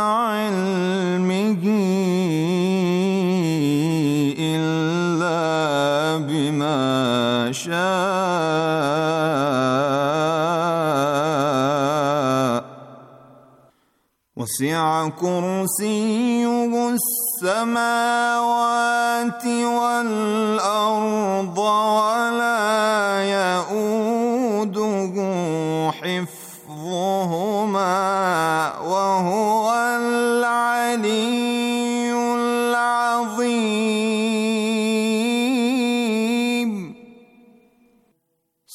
علمه إلا بما شاء وسع كرسيه السماوات والأرض ولا يئوده حفظهما وهو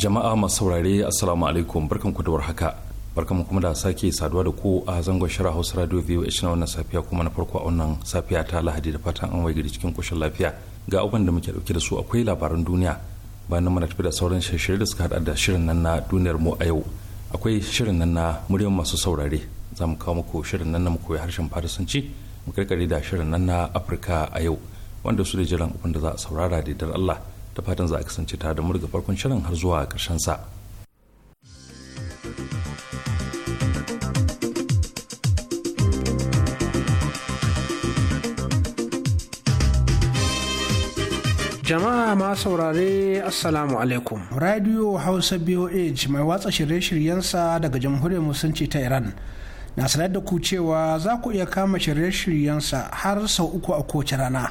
jama'a masu saurare assalamu alaikum barkan ku da warhaka barkan mu kuma da sake saduwa da ku a zangon shara Hausa Radio VOH na wannan safiya kuma na farko a wannan safiya ta Lahadi da fatan an waye cikin koshin lafiya ga abin da muke dauke da su akwai labaran duniya bayan mana tafi da sauran shirye da suka hada da shirin nan na duniyar mu a yau akwai shirin nan na muryar masu saurare za mu kawo muku shirin nan na mu harshen farisanci mu karkare da shirin nan na Afirka a yau wanda su da jiran abin da za a saurara da dar Allah da fatan za a kasance ta da murga farkon shirin har zuwa ƙarshen sa. jama'a ma saurare assalamu alaikum radio hausa boh mai watsa shirye-shiryensa daga jamhuriyar musulunci ta iran na sanar da ku cewa za ku iya kama shirye shiryen sa har sau uku a kowace rana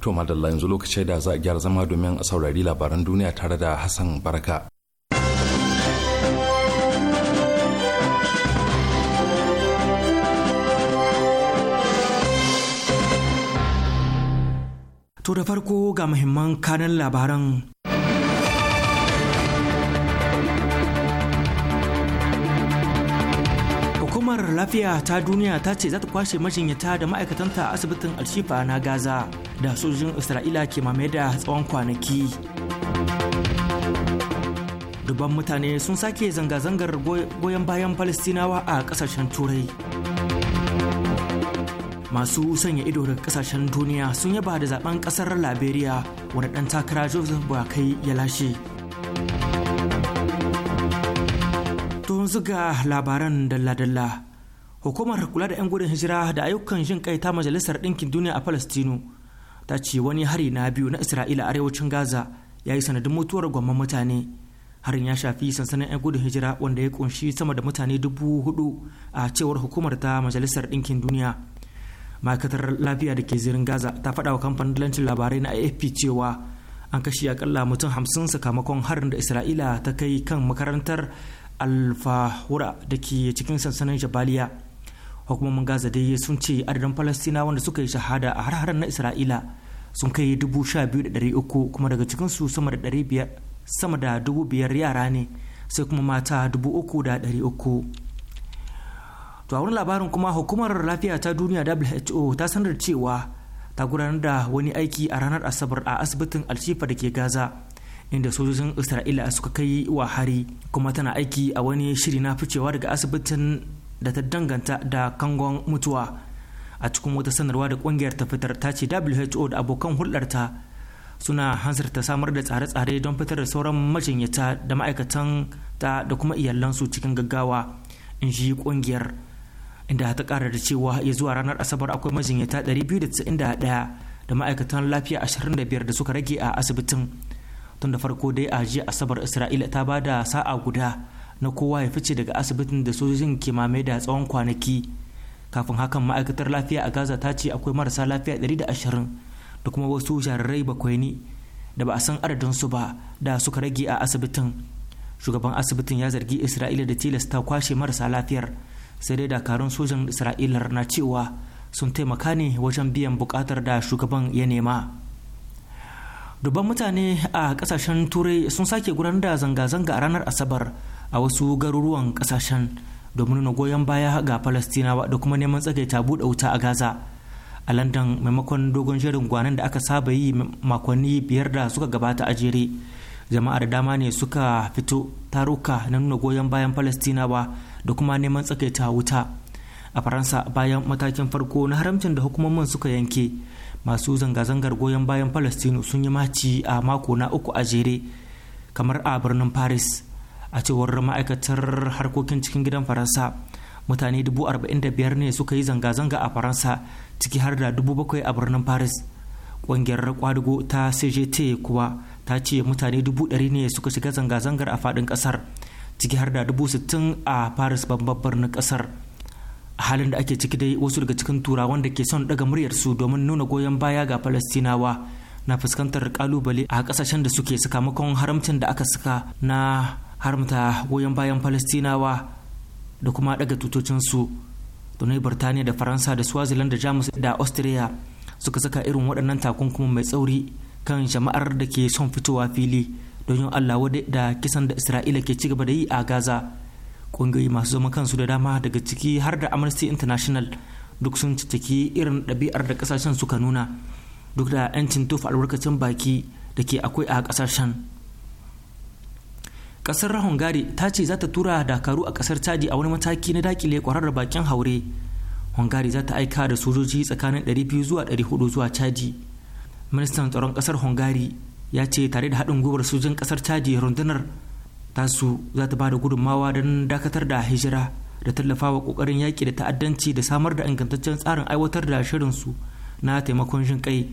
To madalla yanzu lokacin da za a gyara zama domin a saurari labaran duniya tare da Hassan baraka To da farko ga muhimman kanan labaran. lafiya ta duniya ta ce za ta kwashe majinyata da ma'aikatanta a asibitin alshifa na gaza da sojojin isra'ila ke mamaye da tsawon kwanaki dubban mutane sun sake zanga-zangar goyon bayan falastinawa a kasashen turai masu sanya ido daga kasashen duniya sun yaba da zaben kasar liberia wani dan takara joseph buakai ya lashe tun zuga labaran dalla-dalla hukumar kula da 'yan gudun hijira da ayyukan jin kai ta majalisar ɗinkin duniya a palestino ta ce wani hari na biyu na isra'ila arewacin gaza ya yi sanadin mutuwar gwamman mutane harin ya shafi sansanin 'yan gudun hijira wanda ya kunshi sama da mutane dubu hudu a cewar hukumar ta majalisar ɗinkin duniya ma'aikatar lafiya da ke zirin gaza ta faɗa wa kamfanin dalancin labarai na afp cewa an kashe akalla mutum hamsin sakamakon harin da isra'ila ta kai kan makarantar alfahura da ke cikin sansanin jabaliya hukumomin gaza dai sun ce adadin falastinawa wanda suka yi shahada a har na isra'ila sun kai dubu sha biyu da kuma daga cikinsu sama da 500 sama da dubu biyar yara ne sai kuma mata dubu da uku to a wani labarin kuma hukumar lafiya ta duniya who ta sanar cewa ta gudanar da wani aiki a ranar asabar a asibitin alshifa da ke gaza inda sojojin isra'ila suka kai wa hari kuma tana aiki a wani shiri na ficewa daga asibitin da ta danganta da kangon mutuwa a cikin wata sanarwa da kungiyar ta fitar ta ce who da abokan hulɗarta suna hansarta samar da tsare-tsare don fitar da sauran majinyata da ma'aikatan ta da kuma iyalansu cikin gaggawa in ji kungiyar inda ta kara da cewa ya zuwa ranar asabar akwai majinyata 291 da ma'aikatan lafiya 25 da suka rage a asibitin tun da farko dai a jiya asabar isra'ila ta ba da sa'a guda na kowa ya fice daga asibitin da sojojin ke mame da tsawon kwanaki kafin hakan ma'aikatar lafiya a gaza ta ce akwai marasa lafiya 120 da kuma wasu jarirai bakwai ne da ba a san su ba da suka rage a asibitin shugaban asibitin ya zargi isra'ila da tilasta kwashe marasa lafiyar sai dai dakarun sojan isra'ila na cewa sun taimaka ne wajen biyan bukatar da shugaban ya nema dubban mutane a kasashen turai sun sake gudanar da zanga-zanga a ranar asabar a wasu garuruwan kasashen domin nuna goyon baya ga falastinawa da kuma neman tsagaita buɗe wuta a gaza a london maimakon dogon jerin gwanan da aka saba yi makonni biyar da suka gabata a jere jama'a da dama ne suka fito taruka na nuna goyon bayan falastinawa da kuma neman tsakaita wuta a faransa bayan matakin farko na haramcin da hukumomin suka yanke masu zanga-zangar goyon bayan falastinu sun yi maci a mako na uku a jere kamar a birnin paris a cewar ma'aikatar harkokin cikin gidan faransa mutane dubu arba'in ne suka yi zanga-zanga a faransa ciki har da dubu a birnin paris ƙungiyar kwadugo ta cgt kuwa ta ce mutane dubu ɗari ne suka shiga zanga-zangar a faɗin kasar ciki har da dubu a paris babban birnin ƙasar a halin da ake ciki dai wasu daga cikin turawan da ke son daga muryarsu domin nuna goyon baya ga falastinawa na fuskantar kalubale a kasashen da suke sakamakon haramcin da aka saka na haramta goyon bayan palestinawa da kuma daga tutocinsu domin birtaniya da faransa da swaziland da jamus da austria suka saka irin waɗannan takunkuma mai tsauri kan jama'ar da ke son fitowa fili don yin allah da kisan da isra'ila ke cigaba da yi a gaza ƙungiyoyi masu zama kansu da dama daga ciki har da amnesty international duk sun ciki irin ɗabi'ar da ƙasashen suka nuna duk da 'yancin tofa albarkacin baki da ke akwai a ƙasashen kasar hungary ta ce za ta tura dakaru a kasar chadi a wani mataki na dakile kwararra bakin haure hungary za ta aika da sojoji tsakanin 200 zuwa 400 zuwa chadi ministan tsaron kasar hungary ya ce tare da haɗin gwiwar sojin kasar chadi rundunar tasu za ta ba da gudunmawa don dakatar da hijira da tallafawa kokarin yaƙi da ta'addanci da samar da ingantaccen tsarin aiwatar da shirinsu na taimakon jin kai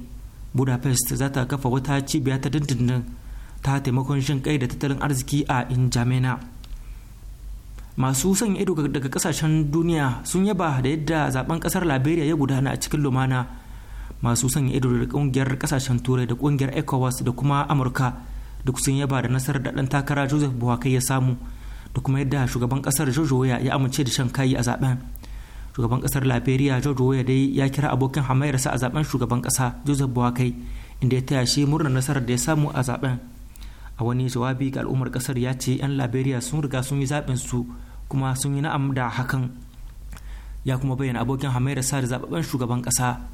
budapest za ta kafa wata cibiya ta dindindin ta taimakon shin kai da tattalin arziki a injamena masu sanya ido daga kasashen duniya sun yaba da yadda zaben kasar liberia ya gudana a cikin lumana masu sanya ido da kungiyar kasashen turai da kungiyar ecowas da kuma amurka duk sun yaba da nasarar da dan takara joseph buhari ya samu da kuma yadda shugaban kasar george weah ya amince da shan kayi a zaben shugaban kasar liberia george weah dai ya kira abokin hamayarsa a zaben shugaban kasa joseph buhari inda ya taya shi murnar nasarar da ya samu a zaben a wani jawabi ga al'ummar kasar ya ce 'yan liberia sun riga sun yi zaben su kuma sun yi na'am da hakan ya kuma bayyana abokin hamayar sa da zababben shugaban kasa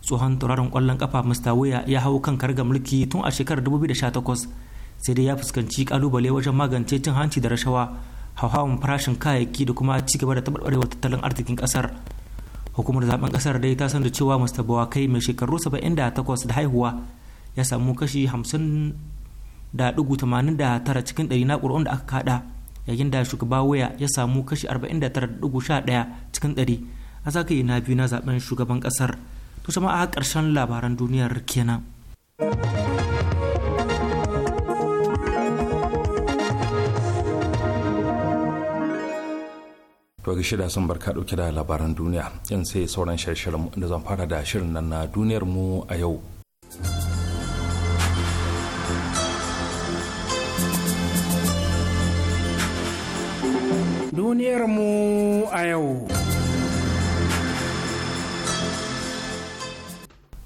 tsohon tauraron kwallon kafa mr waya ya hau kan karga mulki tun a shekarar 2018 sai dai ya fuskanci kalubale wajen magance cin hanci da rashawa hauhawan farashin kayayyaki da kuma ci gaba da tabarbarewar tattalin arzikin kasar hukumar zaben kasar dai ta da cewa mr bawakai mai shekaru 78 da haihuwa ya samu kashi 50 da ɗigo tamanin da cikin dari na ƙuri'un da aka kaɗa yayin da shugaba waya ya samu kashi arba'in da tara da sha cikin ɗari a zagaye na biyu na zaben shugaban kasar to sama a ƙarshen labaran duniyar kenan. to ga shida sun barka dauke da labaran duniya yan sai sauran shirye shirye-shiryen da zan fara da shirin nan na duniyar mu a yau duniyarmu a yau.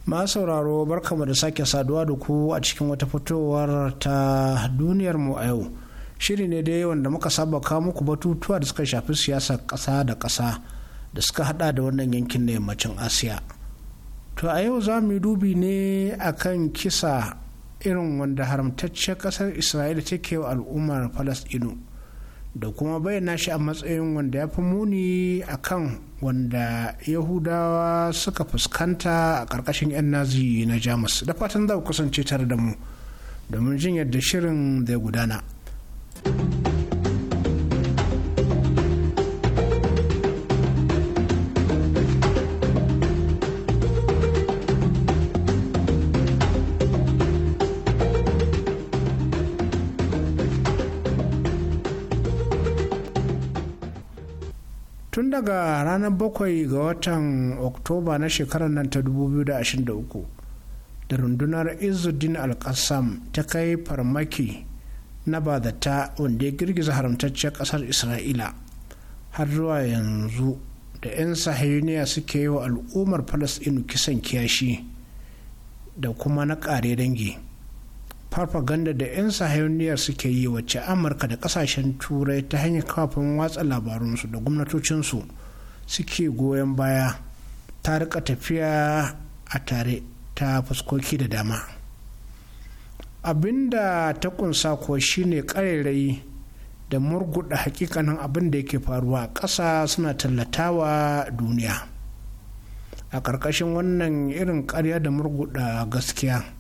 masauraro sauraro barkamu da sake saduwa da ku a cikin wata fitowar ta duniyarmu a yau. Shiri ne dai wanda muka saba kawo muku batutuwa da suka shafi siyasa ƙasa da ƙasa da suka hada da wannan yankin na yammacin Asiya. To a yau za mu yi dubi ne a kan kisa irin wanda haramtacciyar ƙasar Isra'ila take wa al'ummar Falasɗinu. da kuma bayyana shi a matsayin wanda ya fi muni a kan wanda yahudawa suka fuskanta a ƙarƙashin 'yan nazi na jamus da fatan za ku kasance tare da mu domin jin yadda shirin zai gudana. daga ranar 7 ga watan oktoba na shekarar nan ta 2023 da rundunar izudin al ta kai farmaki na bazata wanda ya girgiza haramtacciyar kasar isra'ila har zuwa yanzu da 'yan sahiliya suke yi wa al'ummar falasɗinu kisan kiyashi da kuma na ƙare dangi. farfaganda da 'yan sahiyoniyar suke yi wacce amurka da kasashen turai ta hanyar kafin watsa labarunsu da gwamnatocinsu suke goyon baya ta rika tafiya a tare ta fuskoki da dama abinda ta kunsa ko shine ƙarairayi da murguɗa hakikanin abin da yake faruwa ƙasa suna tallatawa duniya a ƙarƙashin wannan irin ƙarya da murguɗa gaskiya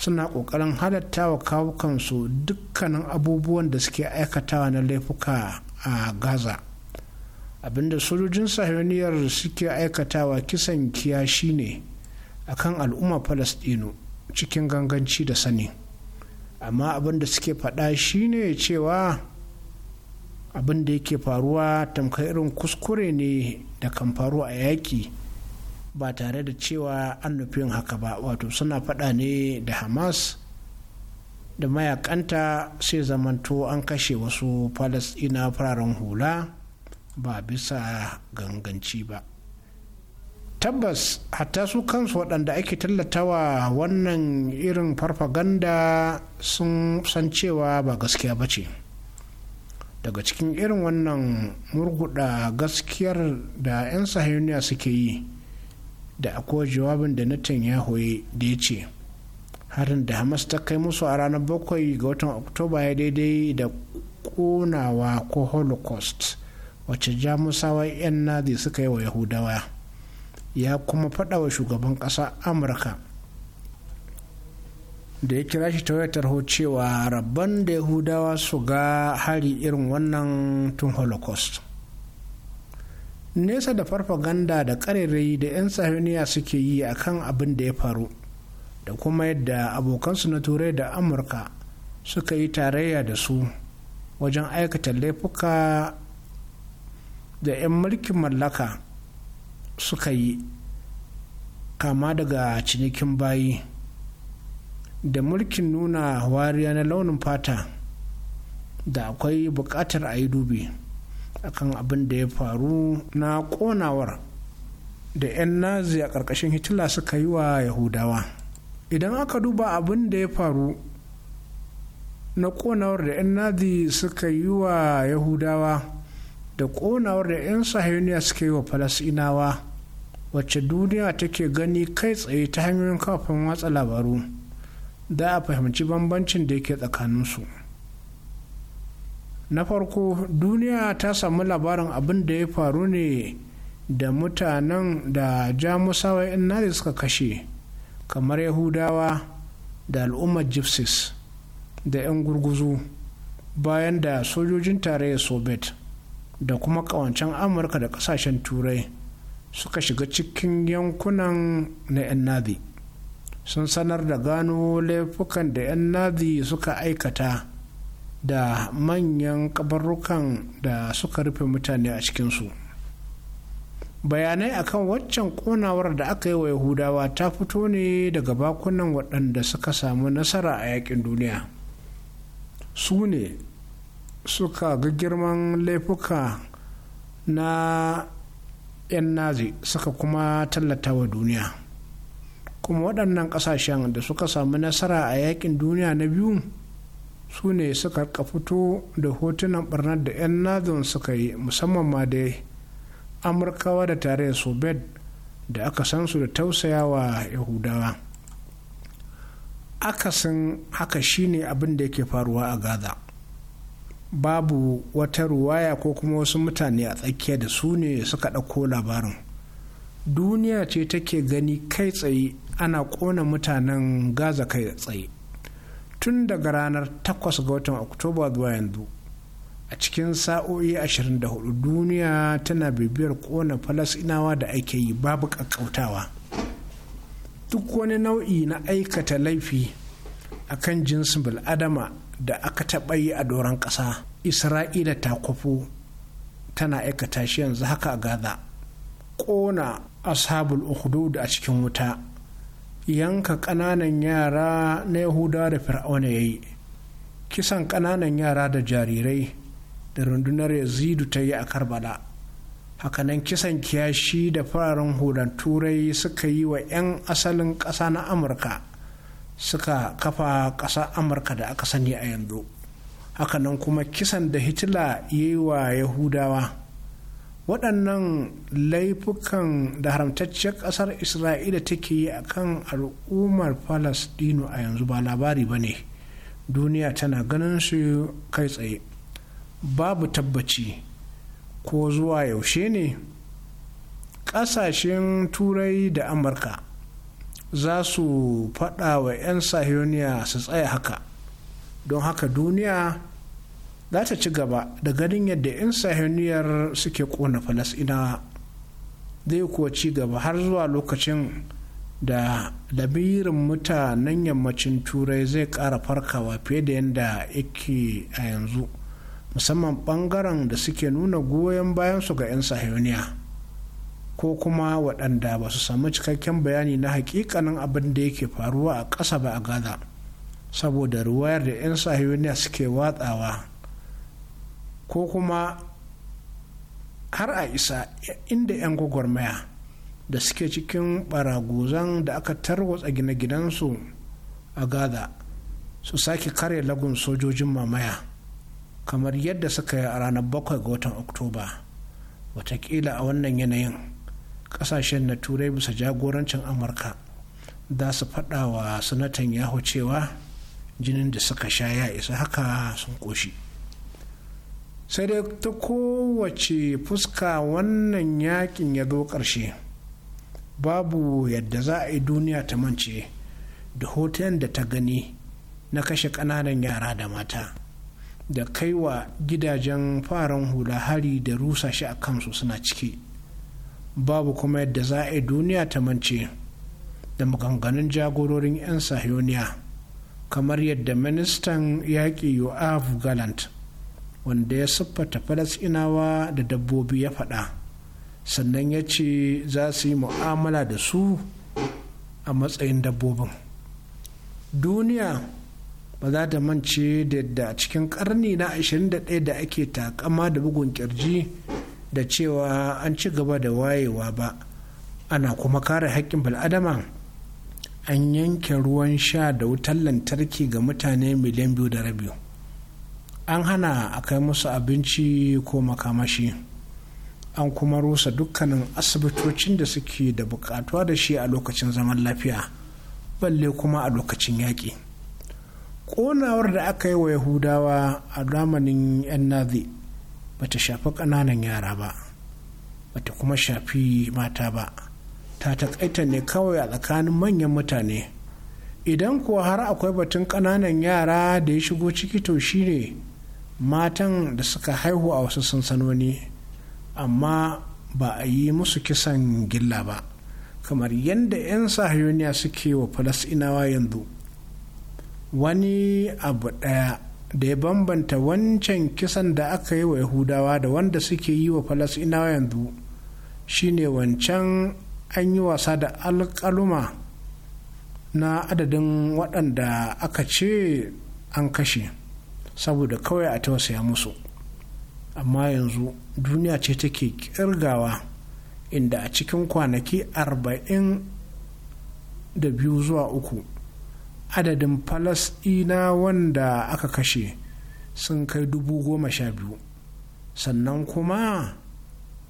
suna ƙoƙarin halatta wa kawukansu dukkanin abubuwan da suke aikatawa na laifuka a gaza abinda sojojin sahiraniyar suke aikatawa kisan kiyashi ne akan al'umma falastinu cikin ganganci da sani amma abinda suke faɗa shine cewa abinda yake faruwa tamkar irin kuskure ne da kan faru a yaƙi ba tare da cewa an nufin haka ba wato suna faɗa ne da hamas da mayakanta sai zamanto an kashe wasu falasɗina fararen hula ba bisa ganganci ba tabbas hatta su kansu waɗanda ake tallatawa wannan irin farfaganda sun san cewa ba gaskiya ba ce daga cikin irin wannan murguɗa gaskiyar da 'yan hainiya suke yi da akwai jawabin da Netanyahu ya da ya ce harin da Hamas ta kai musu a ranar bakwai ga watan Oktoba ya daidai da konawa ko Holocaust wacce jamusawa 'yan nazi suka yi wa Yahudawa ya kuma faɗa wa shugaban ƙasa Amurka da ya kira shi tawayatar cewa rabban da Yahudawa su ga hari irin wannan tun Holocaust. nesa da farfaganda da karerai da 'yan sahiniya suke yi a kan abin da ya faru da kuma yadda abokansu na turai da amurka suka yi tarayya da su wajen aikata laifuka da 'yan mulkin mallaka suka yi kama daga cinikin bayi da mulkin nuna wariya na launin fata da akwai bukatar a yi dubi. akan abin da ya faru na konawar da 'yan nazi a ƙarƙashin hitler suka yi wa yahudawa idan aka duba abin da ya faru na konawar da 'yan nazi suka yi wa yahudawa da konawar da 'yan sahiyoniya suka yi wa falasinawa wacce duniya take gani kai tsaye ta hanyoyin kafin watsa labaru da a fahimci bambancin da yake tsakaninsu. na farko duniya ta samu labarin abin da ya faru ne da mutanen da jamusawa yan nazi suka kashe kamar yahudawa da al'ummar gypsies da 'yan gurguzu bayan da sojojin tarayyar soviet da kuma kawancen amurka da kasashen turai suka shiga cikin yankunan na 'yan nazi sun sanar da gano laifukan da 'yan nazi suka aikata da manyan kabarrukan da suka rufe mutane a cikinsu bayanai akan waccan konawar da aka yi wa yahudawa ta fito ne daga bakunan waɗanda suka samu nasara a yakin duniya su ne suka ga girman laifuka na 'yan nazi suka kuma tallata wa duniya kuma waɗannan ƙasashen da suka samu nasara a yakin duniya na biyu su ne suka rika fito da hotunan barnar da 'yan nazon suka yi musamman ma da amurkawa da tarayyar soviet da aka san su da tausayawa yahudawa akasin haka shine abin da yake faruwa a gaza babu wata ruwaya ko kuma wasu mutane a tsakiya da su ne suka ɗauko labarin duniya ce take gani kai tsaye ana ƙona mutanen gaza kai tsaye tun daga ranar 8 ga watan oktoba zuwa yanzu a cikin sa'o'i 24 duniya tana bibiyar kona falasinawa da ake yi babu kakkautawa duk wani nau'i na aikata laifi a kan jinsin bil'adama da aka taɓa yi a doron ƙasa isra'ila ta kwafo tana aikata shi yanzu haka a gaza ƙona ashabul da a cikin wuta yanka ƙananan yara na yahuda da fir'auna ya yi kisan ƙananan yara da jarirai da rundunar yazidu ta yi a karbala hakanan kisan kiyashi da fararen hulan turai suka yi wa 'yan asalin ƙasa na amurka suka kafa ƙasa amurka da aka sani a yanzu hakanan kuma kisan da hitila ya yi wa yahudawa waɗannan laifukan da haramtacciyar ƙasar isra'ila take yi a kan al'ummar palestino a yanzu ba labari ba ne duniya tana ganin su kai tsaye babu tabbaci ko zuwa yaushe ne ƙasashen turai da amurka za su faɗa wa 'yan sahioniya su tsaya haka don haka duniya za ta ci gaba da ganin yadda 'yan sahaniyar suke kona falasina zai kuwa ci gaba har zuwa lokacin da labirin mutanen yammacin turai zai kara farkawa fiye da yadda yake a yanzu musamman bangaren da suke nuna goyon bayansu ga 'yan sahiyoniya ko kuma waɗanda ba su samu cikakken bayani na hakikanin abin da yake faruwa a ƙasa ba a gaza saboda ruwayar da 'yan sahiyoniya suke watsawa ko kuma har a isa inda 'yan gwagwarmaya da suke cikin baragozan da aka tarwatsa gine-ginensu a gaza su sake kare lagun sojojin mamaya kamar yadda suka yi a ranar 7 ga watan oktoba watakila a wannan yanayin kasashen na turai bisa jagorancin amurka za su faɗa wa sanatan yahu cewa jinin da suka sha ya isa haka sun ƙoshi. sai dai ta kowace fuska wannan yakin ya zo ƙarshe babu yadda za a yi duniya ta mance da hoton da ta gani na kashe ƙananan yara da mata da kaiwa gidajen faran hula hari da rusa shi a kansu suna ciki babu kuma yadda za a yi duniya ta mance da maganganun jagororin 'yan sahioniya kamar yadda ministan yaƙi yoav galant wanda ya siffata falasinawa da dabbobi ya faɗa sannan ya ce za su yi mu'amala da su a matsayin dabbobin duniya ba za ta mance da yadda cikin karni na 21 da ake takama da bugun kirji da cewa an ci gaba da wayewa ba ana kuma kare haƙƙin bal'adama. an yanke ruwan sha da wutar lantarki ga mutane miliyan biyu da an hana a kai musu abinci ko makamashi an kuma rusa dukkanin asibitocin da suke da bukatuwa da shi a lokacin zaman lafiya balle kuma a lokacin yaƙi ƙonawar da aka yi wa yahudawa a zamanin yan nazi ba ta shafi ƙananan yara ba ta kuma shafi mata ba ta taƙaita ne kawai a tsakanin manyan mutane idan kuwa har akwai batun ƙananan yara da ya shigo ciki to shine matan da suka haihu a wasu sansanoni amma ba a yi musu kisan gilla ba kamar yadda 'yan sahayoniya suke wa falasinawa yanzu wani abu ɗaya da ya bambanta wancan kisan da aka yi wa yahudawa da wanda suke yi wa falasinawa yanzu shine wancan an yi wasa da alkaluma na adadin waɗanda aka ce an kashe saboda kawai a tausaya musu amma yanzu duniya ce take kirgawa inda a cikin kwanaki arba'in da biyu zuwa uku adadin falasɗina wanda aka kashe sun kai dubu goma sha biyu sannan kuma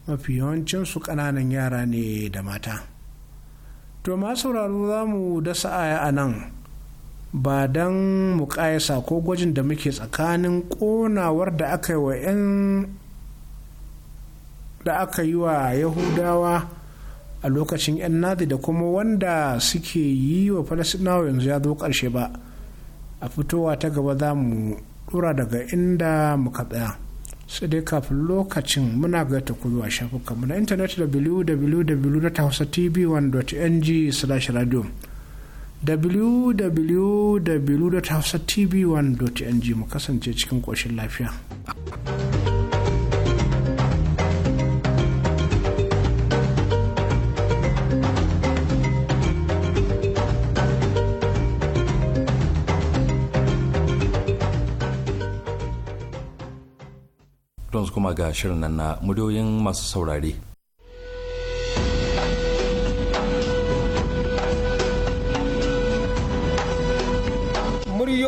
mafi yawancinsu ƙananan yara ne da mata to masu sauraro za mu dasa aya a nan ba don mu ƙayasa ko gwajin da muke tsakanin ƙonawar da aka yi wa 'yan da aka yi wa yahudawa a lokacin 'yan nazi da kuma wanda suke yi wa falasinawa yanzu ya zo ƙarshe ba a fitowa ta gaba za mu dura daga inda muka tsaya sai dai kafin lokacin muna ga ta shafukan shafukanmu na intanet tv 1ng radio www.hafsatv1.ng mu kasance cikin ƙoshin lafiya. Don kuma ga shirin nan na muryoyin masu saurare.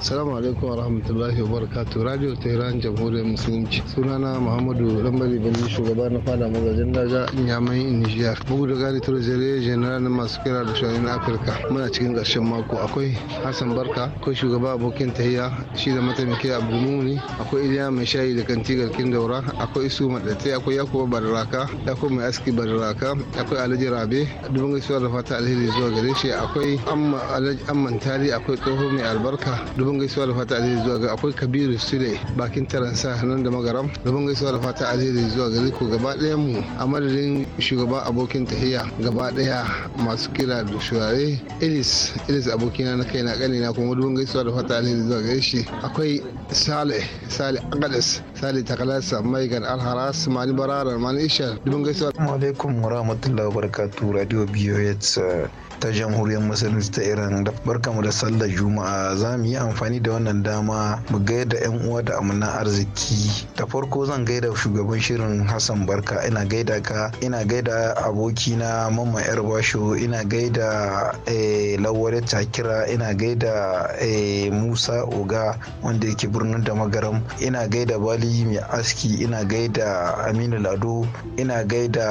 Salamu alaikum wa rahmatullahi wa barakatu Radio Tehran Jamhuriyar Musulunci. Sunana Muhammadu lambari Bani shugaba na fada mazajen daga Nyamai Nijiyar. Bugu da gani Turzere General na masu kira da shawarin Afirka. Muna cikin ƙarshen mako akwai Hassan Barka, akwai shugaba abokin tahiya shi da mataimaki Abu Mumuni, akwai Iliya Mai Shayi da Kanti Garkin Daura, akwai Isu Madatte, akwai Yakubu Barraka, Yakubu Mai Aski Barraka, akwai Alhaji Rabe, dubin gaisuwa da fata alheri zuwa gare shi, akwai Amman Tari, akwai Tsoho Mai Albarka, Rabin gaisuwa da fata alheri zuwa ga akwai Kabiru Sule bakin taransa nan da magaram. Rabin gaisuwa da fata alheri zuwa ga Liko gaba ɗayan mu a madadin shugaba abokin tahiya gaba ɗaya masu kira da shurare Elis Elis abokina na kai na kani na kuma rabin gaisuwa da fata alheri zuwa ga shi. Akwai Sale Sale Agadas Sale Takalasa Maigan Alharas Mani Bararar Mani Ishar. Rabin gaisuwa. Assalamu alaikum wa rahmatullahi wa barakatuhu Radio BOH ta jamhuriyar musulunci ta iran da mu da sallar juma'a za mu yi amfani da wannan dama mu gaida yan uwa da amina arziki da farko zan gaida shugaban shirin hassan barka ina gaida ka ina gaida abokina mamma yar basho ina gaida eh, lawale takira ina gaida eh, musa oga wanda yake birnin da magaram ina gaida bali mai aski ina gaida aminu lado ina gaida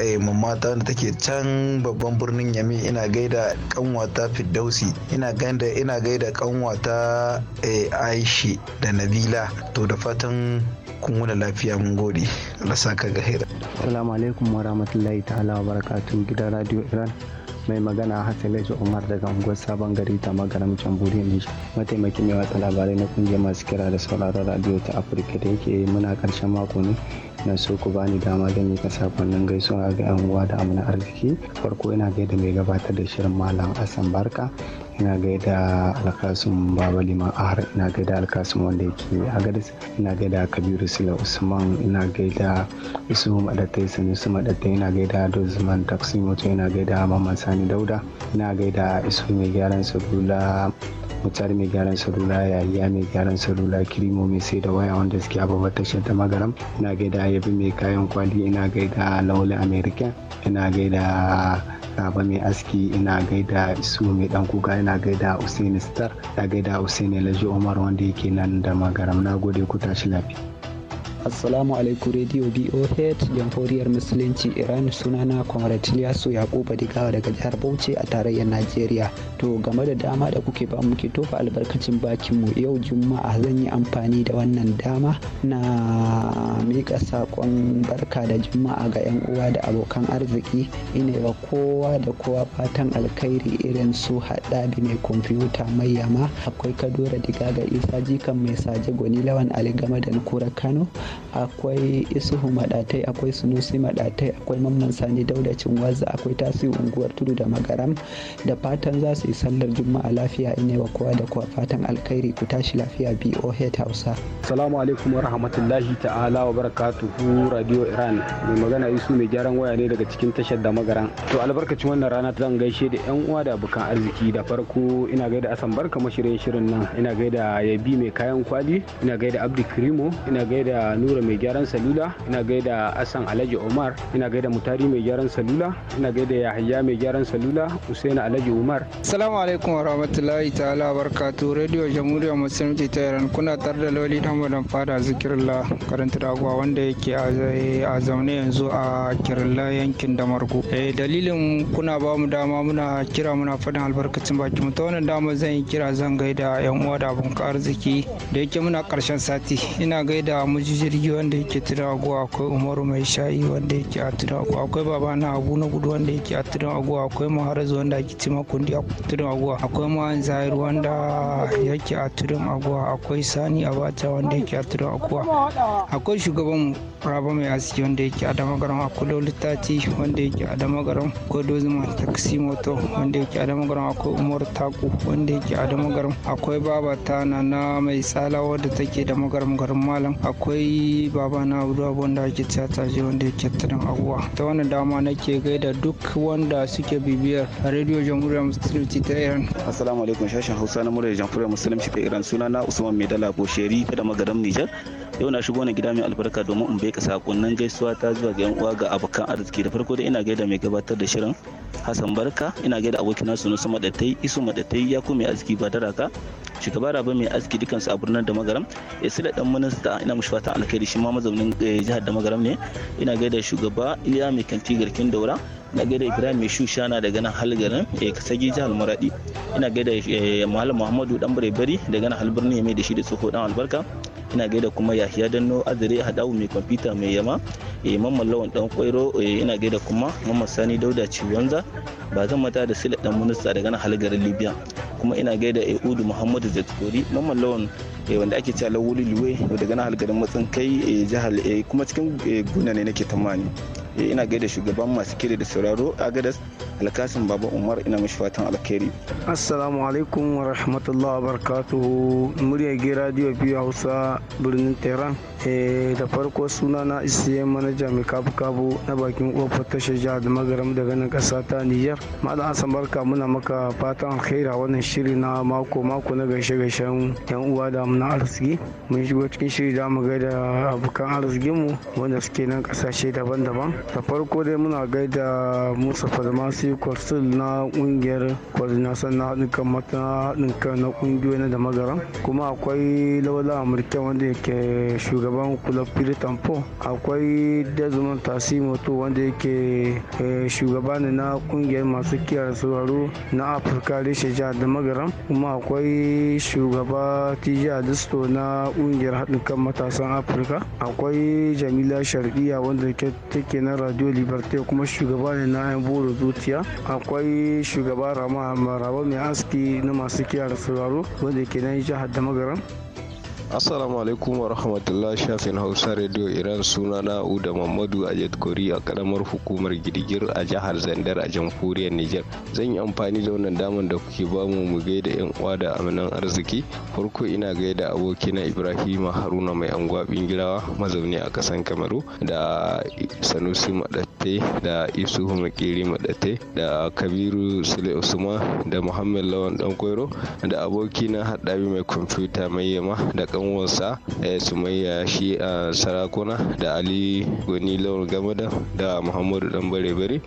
eh, mamata da take can babban birnin yami ina ina gaida kanwata Firdausi ina gaida ina gaida kanwata eh, Aishi da Nabila to da fatan kun wuna lafiya mun gode Allah saka ga hira assalamu alaikum wa rahmatullahi ta'ala wa barakatuh gidan radio Iran mai magana hassan umar daga unguwar sabon gari ta magaram buri ne mataimakin mai watsa labarai na kungiyar masu kira da sauraron radio ta afirka da yake muna karshen mako ne na so ku bani dama zan yi sakonnin gaisuwa ga yan uwa da amina arziki farko yana gaida mai gabatar da shirin malam asan barka ina gaida alkasun baba liman ahar ina gaida alkasun wanda yake agadis ina gaida kabiru sila usman ina gaida isu madatai sanusi madatai ina gaida dozman taksi moto ina gaida mamman sani dauda ina gaida isu mai gyaran salula mutane mai gyaran sarula, yayya mai gyaran sarula, kirimo mai sai da waya wanda suke ababa tashar ta magaram ina gaida yabi mai kayan kwali ina gaida laulin america ina gaida Baba mai aski ina gaida su mai dan kuka ina gaida Usaini Star ina gaida Usaini Laji Umar wanda yake nan da magaram na gode ku tashi lafiya. assalamu alaikum radio boh jamhuriyar musulunci iran sunana comrade liyasu yakuba digawa daga jihar bauchi a tarayyar najeriya to game da dama da kuke ba muke tofa albarkacin bakin mu yau juma'a zan yi amfani da wannan dama na mika sakon barka da juma'a ga yan uwa da abokan arziki ina wa kowa da kowa fatan alkhairi irin su haɗabi mai kwamfuta mai yama akwai kadora diga ga isa jikan mai saje gwani lawan ali game da kura kano akwai isuhu madatai akwai sunusi madatai akwai mamman sani daudacin waza akwai tasiri unguwar tudu da magaram da fatan za su yi sallar juma'a lafiya in wa kowa da kowa fatan alkhairi ku tashi lafiya boh hausa salamu alaikum wa rahmatullahi ta'ala wa barakatuhu radio iran mai magana isu mai gyaran waya ne daga cikin tashar da magaran to albarkacin wannan rana ta zan gaishe da yan uwa da abokan arziki da farko ina gaida asan barka mashirin shirin nan ina gaida yabi mai kayan kwali ina gaida abdi krimo ina gaida nura mai gyaran salula ina gaida asan alhaji umar ina gaida mutari mai gyaran salula ina gaida yahaya mai gyaran salula usain alhaji umar salamu alaikum warahmatullahi ta'ala barkatu radio jamhuriyar musulunci ta iran kuna tare da loli dan madan fada zikirla karanta dagwa wanda yake a zaune yanzu a kirla yankin damarku eh dalilin kuna ba mu dama muna kira muna faɗin albarkacin baki mu ta wannan dama zan yi kira zan gaida yan uwa da abun arziki da yake muna karshen sati ina gaida mujiji jirgi wanda yake turago akwai umaru mai shayi wanda yake a turago akwai baba na abu na gudu wanda yake a turago akwai maharazu wanda ake cima kundi a turago akwai mahan zahir wanda yake a turago akwai sani abacha wanda yake a turago akwai shugaban raba mai aski wanda yake a damagaram akwai lolitaci wanda yake a damagaram akwai dozima taxi moto wanda yake a damagaram akwai umaru taku wanda yake a damagaram akwai baba tana na mai tsala da take da magaram garin malam akwai Baba na abdullahi wanda ake tsata je wanda ya tarin abuwa ta wannan dama nake gaida duk wanda suke bibiyar rediyo jamhuriyar musulunci ta iran assalamu alaikum shashin hausa na muryar jamhuriyar musulunci ta iran suna na usman maidala bosheri da magadan nijar yau na shigo na gida mai albarka domin in bai sakonnin gaisuwa ta zuwa ga yan uwa ga abokan arziki da farko dai ina gaida mai gabatar da shirin hassan barka ina gaida abokin nasu nusa madatai isu madatai ya kuma arziki ba daraka shugaba rabe mai arziki dukansu a birnin da magaram ya sila dan minista ina mushi fatan alkhairi shi ma mazaunin eh, jihar da magaram ne ina gaida shugaba iliya mai kanti garkin daura ina gaida ibrahim mai shushana daga nan halgarin ya eh, kasagi jihar muradi ina gaida eh, malam muhammadu dan bari daga nan halbirni mai da shi da tsoho dan albarka ina gaida kuma yahiya danno azare hadawu mai kwamfuta mai yama mamman lawan dan kwairo ina gaida kuma mamman sani dauda ciwonza, ba zan mata da sila dan minista daga nan halgarin libya kuma ina gaida Eudu eh, Muhammadu Jatkori mamman lawan eh, wanda ake cewa Lawuli Luwe daga nan halgarin matsin kai eh, jihar kuma cikin guna ne nake tamani ina gaida shugaban masu kire da sauraro agadas alkasin baba umar ina mashi fatan alkhairi assalamu alaikum wa rahmatullahi wa barakatuhu murya ge radio biyu hausa birnin tehran da farko suna na isiyen manaja mai kabu kabu na bakin kofar tashar jihar da magaram daga nan kasa ta niger ma'ana asan barka muna maka fatan alkhairi a wannan shiri na mako-mako na gaishe-gaishen yan uwa da na arziki mun shigo cikin shiri da mu gaida abokan arzikinmu wanda suke nan kasashe daban-daban ta farko dai muna gaida musa farmasi kwarsul na kungiyar coordination na haɗin kan mata haɗin kan na kungiyoyi da magaran kuma akwai lawala amurka wanda yake shugaban kula piri tampo akwai desmond tasi moto wanda yake eh, shugaba ne na kungiyar masu kiyar sauraro na afirka reshe jihar da magaram kuma akwai shugaba tj adisto na ƙungiyar haɗin kan matasan afirka akwai jamila shardiya wanda take na radio liberté kuma shugaba ne na yan boro zuciya akwai shugaba rama maraba mai aski na masu kiyar sauraro wanda ke nan jihar da magaram Assalamu alaikum wa rahmatullah shafin Hausa Radio Iran suna na Uda Mamadu a Kori a karamar hukumar Girgir a jihar Zandar a jamhuriyar Nijar. Zan yi amfani da wannan damar da kuke bamu mu gaida yan uwa da aminan arziki. Farko ina gaida abokina ibrahim Haruna mai angwa bingirawa mazauni a kasan Kamaru da Sanusi Madatte da Isuhu Makiri Madatte da Kabiru Sule Usman da Muhammad Lawan Dankoiro da abokina hadabi mai kwamfuta mai yama da yan uwansa eh, sumayya shi a sarakuna da ali gwani lawan gamada da muhammadu dan bare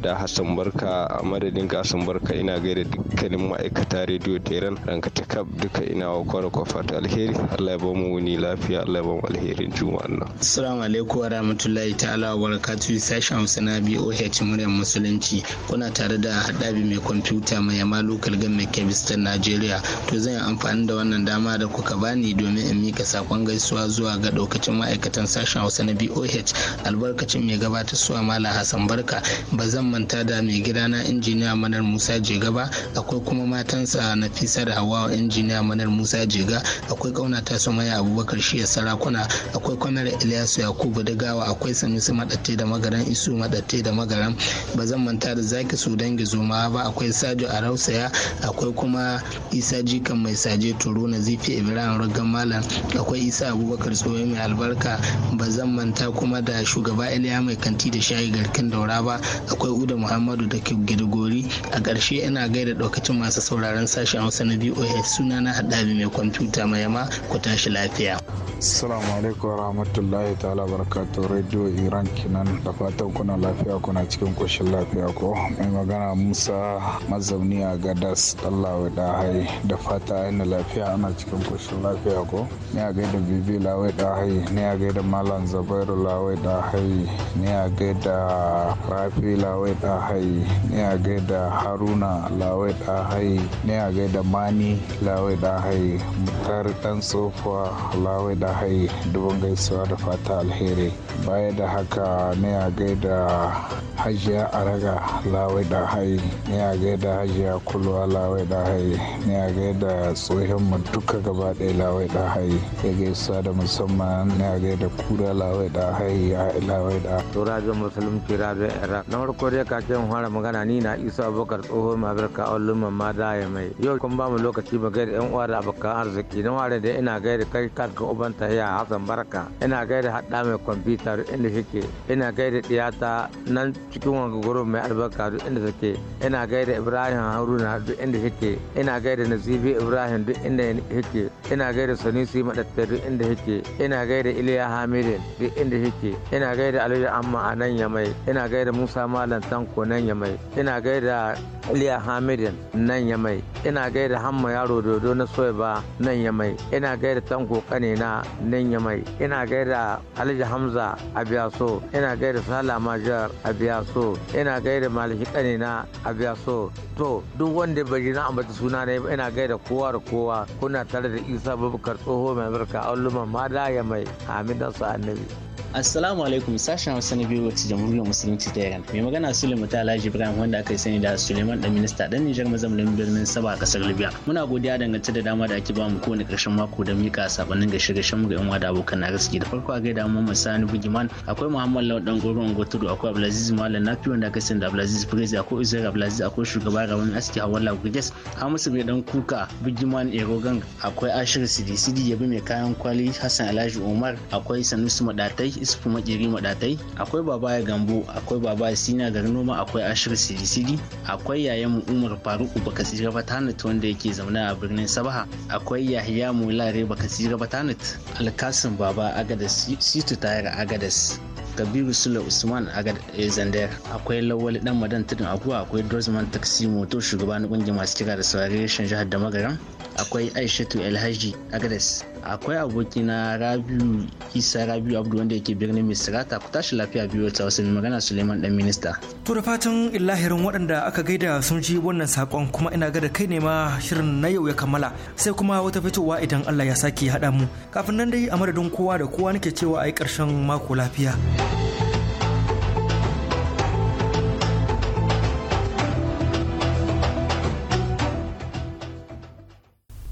da hassan barka a madadin ka hassan barka ina gaida dukkanin ma'aikata rediyo teran ranka ta kaf duka ina wa kwara kwafa ta alheri allah ya ba mu wuni lafiya allah ya ba mu alherin juma'a nan assalamu alaikum wa rahmatullahi ta'ala wa barakatu sashen hausa na boh muryar musulunci kuna tare da haɗabi mai kwamfuta mai yama lokal gan mai kebistan najeriya to zan yi amfani da wannan dama da kuka bani domin in mika sakon gaisuwa zuwa ga daukacin ma'aikatan sashen hausa na boh albarkacin mai gabatar suwa mala hassan barka ba zan manta da mai gida na injiniya manar musa jega ba akwai kuma matansa na fisa da hawa injiniya manar musa jega akwai kaunata maya abubakar shi ya sarakuna akwai kwanar ilyasu yakubu dagawa akwai su madatte da magaran isu madatte da magaran ba zan manta da zaki su dangi zuma ba akwai sajo arausaya akwai kuma isa jikan mai saje turo na zifi ibrahim rugan malam akwai isa abubakar tsohon mai albarka ba zan manta kuma da shugaba iliya mai kanti da shayi garkin daura ba akwai uda muhammadu da girgori a ƙarshe ina gaida ɗaukacin masu sauraron sashen hausa na boa suna na haɗabi mai kwamfuta mai yama ku tashi lafiya assalamu alaikum warahmatullahi ta'ala barakatu radio iran kinan da fatan kuna lafiya kuna cikin koshin lafiya ko mai magana musa mazauni a gadas allah da hai da fata ina lafiya ana cikin koshin lafiya ako ko ne a gaida bibi lawai da hai ne a gaida malam zabairu lawe da hai ne a gaida rafi lawai da hai ne a gaida haruna lawe da hai ne a gaida mani lawe da hai mutar dan tsofa lawai da hai dubin gaisuwa da fata alheri baya da haka ne a gaida hajiya araga lawe da hai ne a gaida hajiya kulwa lawe da hai ne a gaida tsohon mu duka gaba ɗaya lawai lawai da hayi ya gaisa da musamman na gaida kura lawai da hayi a lawai da to radio musulunci radio iraq na farko dai kake ce fara magana ni na isa abubakar tsohon ka allon mamma da ya mai yau kun ba mu lokaci mu gaida yan uwa da abokan arziki na ware da ina gaida kai karka uban tahiya hassan barka ina gaida hada mai kwamfuta inda shike ina gaida diyata nan cikin wanga gurin mai albarka duk inda take ina gaida ibrahim haruna duk inda shike ina gaida nazibi ibrahim duk inda yake ina gaida gaida sanusi madattar duk inda yake ina gaida iliya hamidin duk inda yake ina gaida aliyu amma a nan ya mai ina gaida musa malam tanko nan ya mai ina gaida iliya hamidin nan ya mai ina gaida hamma yaro dodo na soyaba nan ya mai ina gaida tanko kanina nan ya mai ina gaida alhaji hamza a so ina gaida sala majar a so ina gaida maliki kanina a so to duk wanda bai na ambata suna ne ina gaida kowa da kowa kuna tare da isa babu bukar tsoho mai a auluman mada ya mai hamida su annabi Assalamu alaikum sashen Hausa na biyu wacce jamhuriyar musulunci ta Iran. Mai magana Suleiman ta Alhaji Ibrahim wanda aka sani da Suleiman da minista dan Nijar mazaunin birnin Saba a kasar Libya. Muna godiya dangance da dama da ake bamu kowane karshen mako da mika sabanin ga shirye mu ga yan da abokan na gaske. Da farko a gaida mu Sani Bugiman, akwai Muhammad Lawan dan Goron Gotudu, akwai Abdulaziz Malam Nafi wanda aka sani da Abdulaziz Prezi, akwai Uzair Abdulaziz, akwai shugaba Rawan Aski Hawala Gurges, Hamisu mai dan Kuka Bugiman Erogan, akwai Ashir sid ya bi mai kayan kwali Hassan Alhaji Umar akwai Sanusi Madatai Isufu Makeri Madatai akwai Babaya Gambo akwai Babaya Sina garin noma akwai Ashir Sidisidi akwai yayan Umar Faruku Bakasira Batanit wanda yake zaune a birnin Sabaha akwai Yahya Mulare Bakasira Batanit Alkasim Baba Agadas Situ Tayar Agadas kabiru sula usman a eh, zander akwai lawali ɗan madan tudun abuwa akwai drosman taxi moto shugaba na kungiyar masu kira da saurari reshen jihar da magaran akwai aishatu alhaji agnes akwai abokina rabiu isa rabiu abdu wanda yake birnin misrata ku tashi lafiya biyu ta wasu magana suleiman dan minista to da fatan illahirin waɗanda aka gaida sun ji wannan sakon kuma ina ga da kai ne ma shirin na yau ya kammala sai kuma wata fitowa idan allah ya sake haɗa mu kafin nan dai a madadin kowa da kowa nake cewa a yi ƙarshen mako lafiya.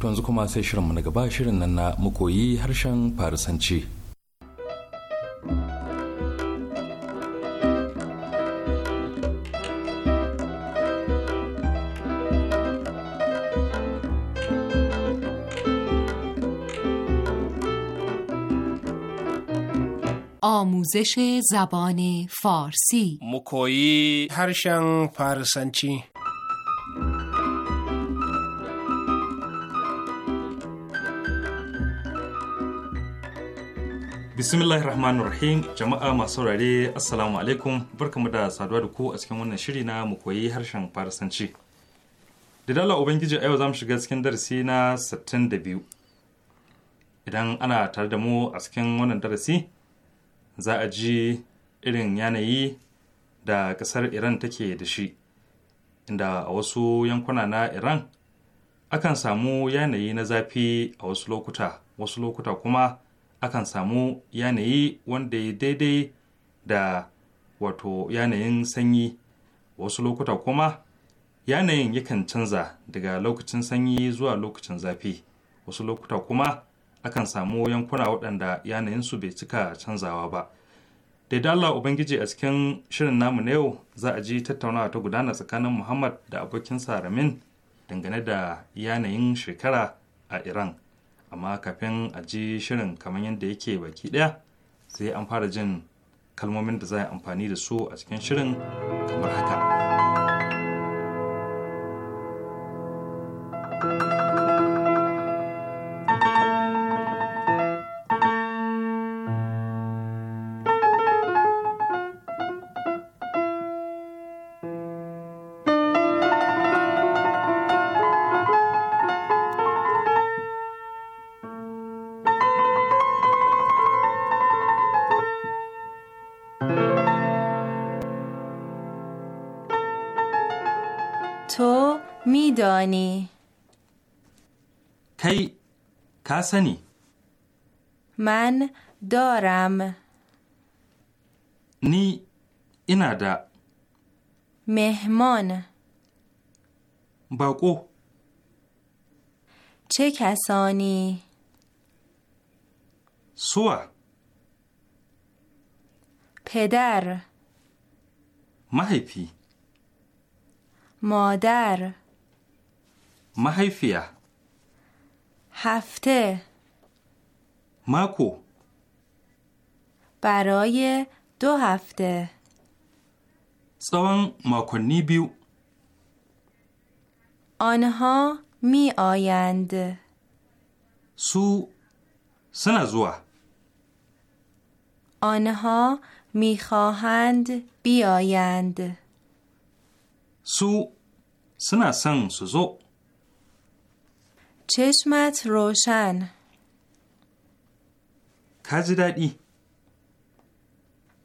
to yanzu kuma sai shirinmu na gaba shirin nan na mukoyi harshen farisanci آموزش زبان فارسی مکویی هرشن فارسنچی bismillahir rahmanir rahim jama'a masu saurare assalamu alaikum barkamu da saduwa da ku a cikin wannan shiri na mu koyi harshen farisanci da dala ubangiji a yau za mu shiga cikin darasi na biyu. idan ana tare da mu a cikin wannan darasi za a ji irin yanayi da kasar iran take da shi inda a wasu yankuna na iran akan samu yanayi na zafi a wasu lokuta wasu lokuta kuma akan samu yanayi wanda ya daidai da wato yanayin sanyi wasu lokuta kuma yanayin yakan canza daga lokacin sanyi zuwa lokacin zafi wasu lokuta kuma akan samu yankuna waɗanda yanayinsu bai cika canzawa ba da Allah ubangiji a cikin shirin namu na yau za a ji tattaunawa ta gudana tsakanin muhammad da abokinsa ramin dangane da yanayin shekara a iran amma kafin a ji shirin kamar yadda yake baki ɗaya sai an fara jin kalmomin da za a yi amfani da su a cikin shirin kamar haka. حسنی من دارم نی اینا مهمان باقو چه کسانی؟ سوا پدر محیفی مادر محیفیه هفته ماکو برای دو هفته سوان ماکنی بیو آنها می آیند سو سنزوا آنها میخواهند بیایند سو سنا سن سوزو چشمت روشن ka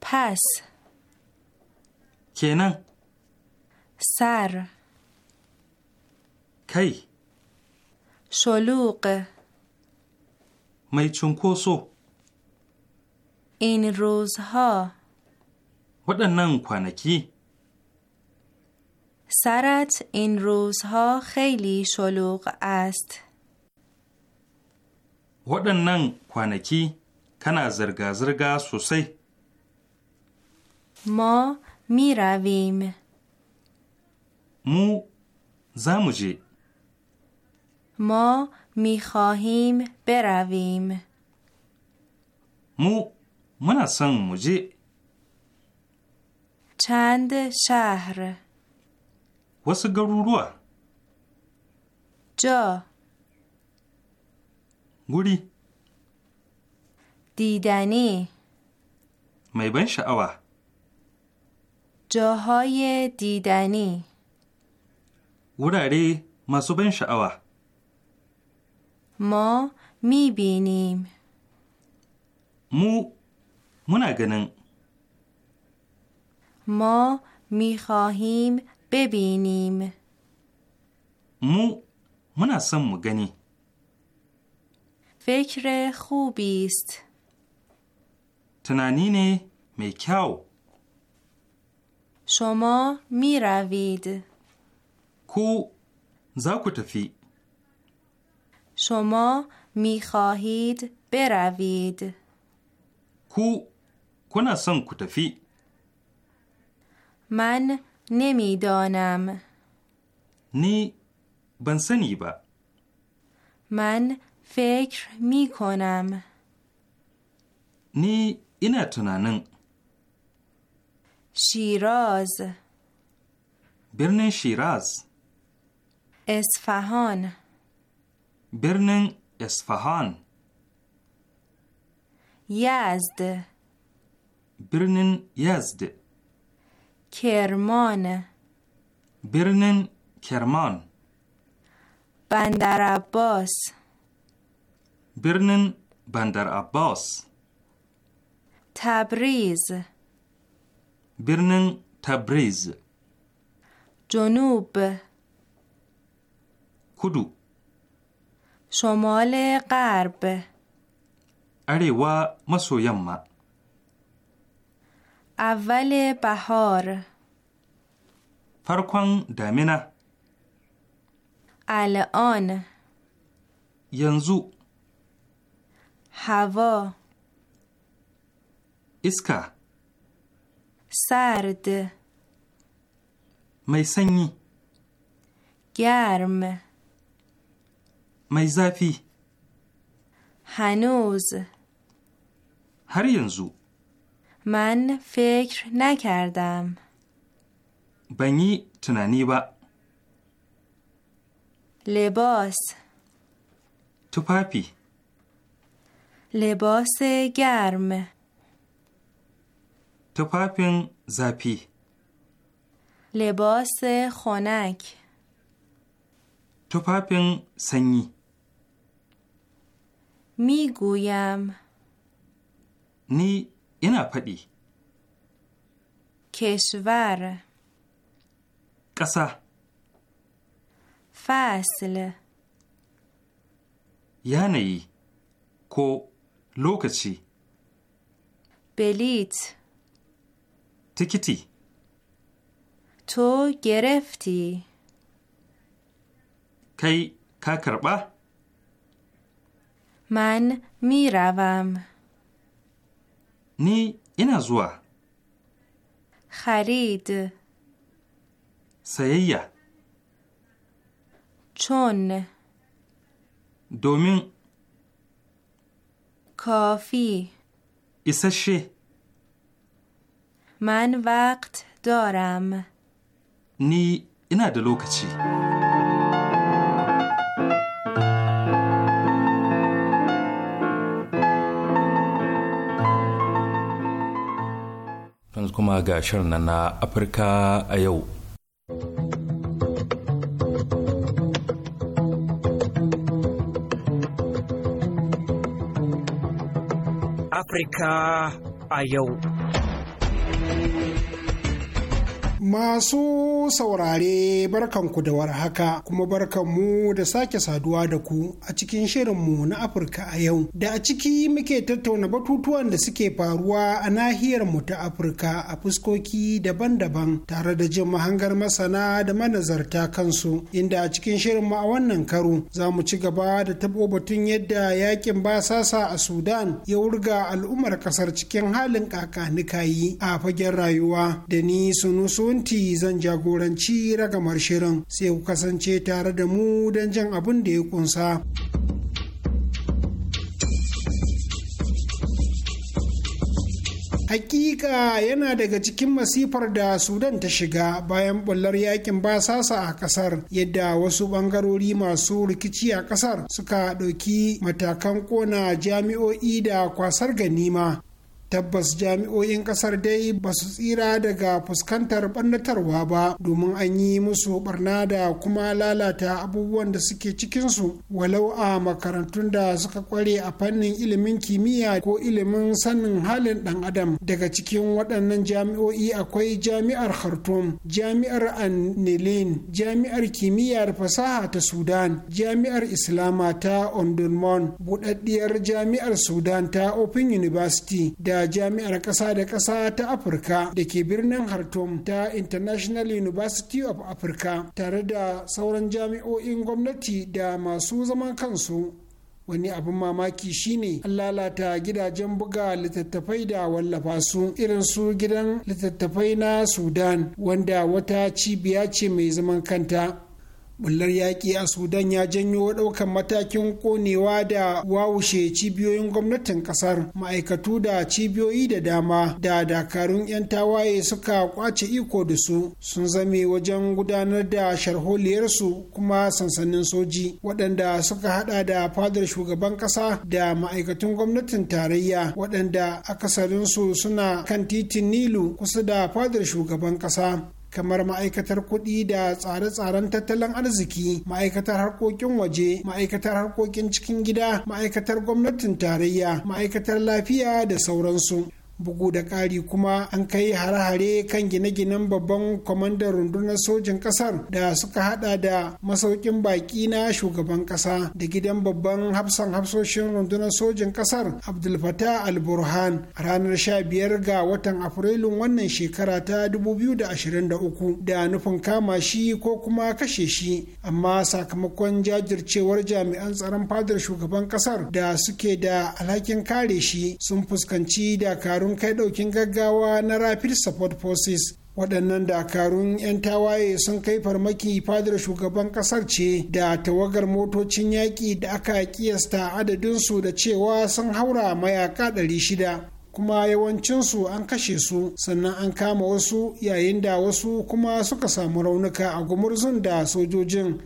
پس سر کی؟ شلوق میچون کوسو. این روزها ودنن کوانکی سرت این روزها خیلی شلوغ است. waɗannan kwanaki kana zirga-zirga sosai. Ma mira veme. Mu za mu je. Ma mi khahim beravim. Mu muna son mu je. Chand Wasu garuruwa. Jo. Ja. guri didane mai ban sha'awa jahoye didane wurare masu ban sha'awa ma mi binim mu muna ganin ma mi ببینیم مو منا سم مو گنی فکر خوبی است. تنانین میکاو شما می روید. کو زاکو تفی شما می خواهید بروید. کو کنا سن تفی من نمیدانم. نی بنسنی با من فکر می کنم نی اینه تنانن شیراز برن شیراز اصفهان برن اصفهان یزد برنن یزد کرمان برنن کرمان بندر عباس birnin Bandar Abbas. Tabriz. Birnin Tabriz. Junub. Kudu. Shomale Garb. Arewa maso yamma. اول بهار فرقان دامنا الان Yanzu. هوا اسکا سرد میسنی گرم میزافی هنوز هر ینزو من فکر نکردم بنی تنانی با لباس تو پاپی. لباس گرم پاپین زپی لباس خنک پاپین سنی میگویم نی اینا پدی کشور قصه فصل یعنی کو Lokaci. Belit. Tikiti. To gerefti. Kai ka karɓa? Man mi Ni ina zuwa. Harid. Sayayya. John. Domin. کافی ایسشه من وقت دارم نی اینا da lokaci. kuma ga shirin na Afirka a yau. Afirka a yau. Masu saurare barkanku da warhaka kuma barkanmu da sake saduwa da ku a cikin shirinmu na Afirka a yau da a ciki muke tattauna batutuwan da suke faruwa a nahiyar mu ta Afirka a fuskoki daban-daban tare da jin mahangar masana da manazarta kansu inda a cikin shirinmu a wannan karo za mu ci gaba da tabo batun yadda yakin basasa a Sudan ya wurga al'ummar kasar cikin halin kakanikayi a fagen rayuwa da ni sun sauti zan jagoranci ragamar shirin sai ku kasance tare da mu don jan abin da ya kunsa. hakika yana daga cikin masifar da sudan ta shiga bayan bullar yakin basasa a kasar yadda wasu bangarori masu rikici a kasar suka ɗauki matakan kona jami'o'i da kwasar ganima tabbas jami'o'in kasar dai ba su tsira daga fuskantar barnatarwa ba domin an yi musu barna da kuma lalata abubuwan da suke cikinsu walau a makarantun da suka kware a fannin ilimin kimiyya ko ilimin sanin halin ɗan adam daga cikin waɗannan jami'o'i akwai jami'ar khartoum jami'ar annelin jami'ar kimiyyar fasaha ta sudan jami'ar islama ta ondulmon buɗaɗɗiyar jami'ar sudan ta open university da da jami'ar ƙasa da ƙasa ta afirka da ke birnin hartum ta international university of africa tare da sauran jami'o'in gwamnati da masu zaman kansu wani abin mamaki shine an lalata gidajen buga littattafai da wallafa su irin su gidan littattafai na sudan wanda wata cibiya ce mai zaman kanta bullar yaƙi a sudan ya janyo ɗaukan matakin konewa da wawushe cibiyoyin gwamnatin ƙasar ma'aikatu da cibiyoyi da dama da dakarun 'yan tawaye suka kwace iko da su sun zame wajen gudanar da sharholiyarsu kuma sansanin soji waɗanda suka hada da fadar shugaban ƙasa da ma'aikatun gwamnatin tarayya waɗanda akasarinsu suna kan titin nilu kusa da fadar shugaban ƙasa kamar ma'aikatar kuɗi da tsare-tsaren tattalin arziki ma'aikatar harkokin waje ma'aikatar harkokin cikin gida ma'aikatar gwamnatin tarayya ma'aikatar lafiya da sauransu bugu da ƙari kuma an kai hare-hare kan gine-ginen babban kwamandan rundunar sojin ƙasar da suka hada da masaukin baƙi na shugaban ƙasa da gidan babban hafsan hafsoshin rundunar sojin ƙasar abdulfatah al-burhan ranar biyar ga watan afrilun wannan shekara ta 2023 da nufin kama shi ko kuma kashe shi amma sakamakon jajircewar jami'an tsaron fadar shugaban ƙasar da suke da alhakin kare shi sun fuskanci dakarun dakarun kai ɗaukin gaggawa na rapid support forces waɗannan dakarun 'yan tawaye sun kai farmaki fadar shugaban ƙasar ce da tawagar motocin yaƙi da aka kiyasta adadinsu da cewa sun haura mayaka shida kuma yawancinsu an kashe su sannan an kama wasu yayin da wasu kuma suka samu raunuka a gumurzun da sojojin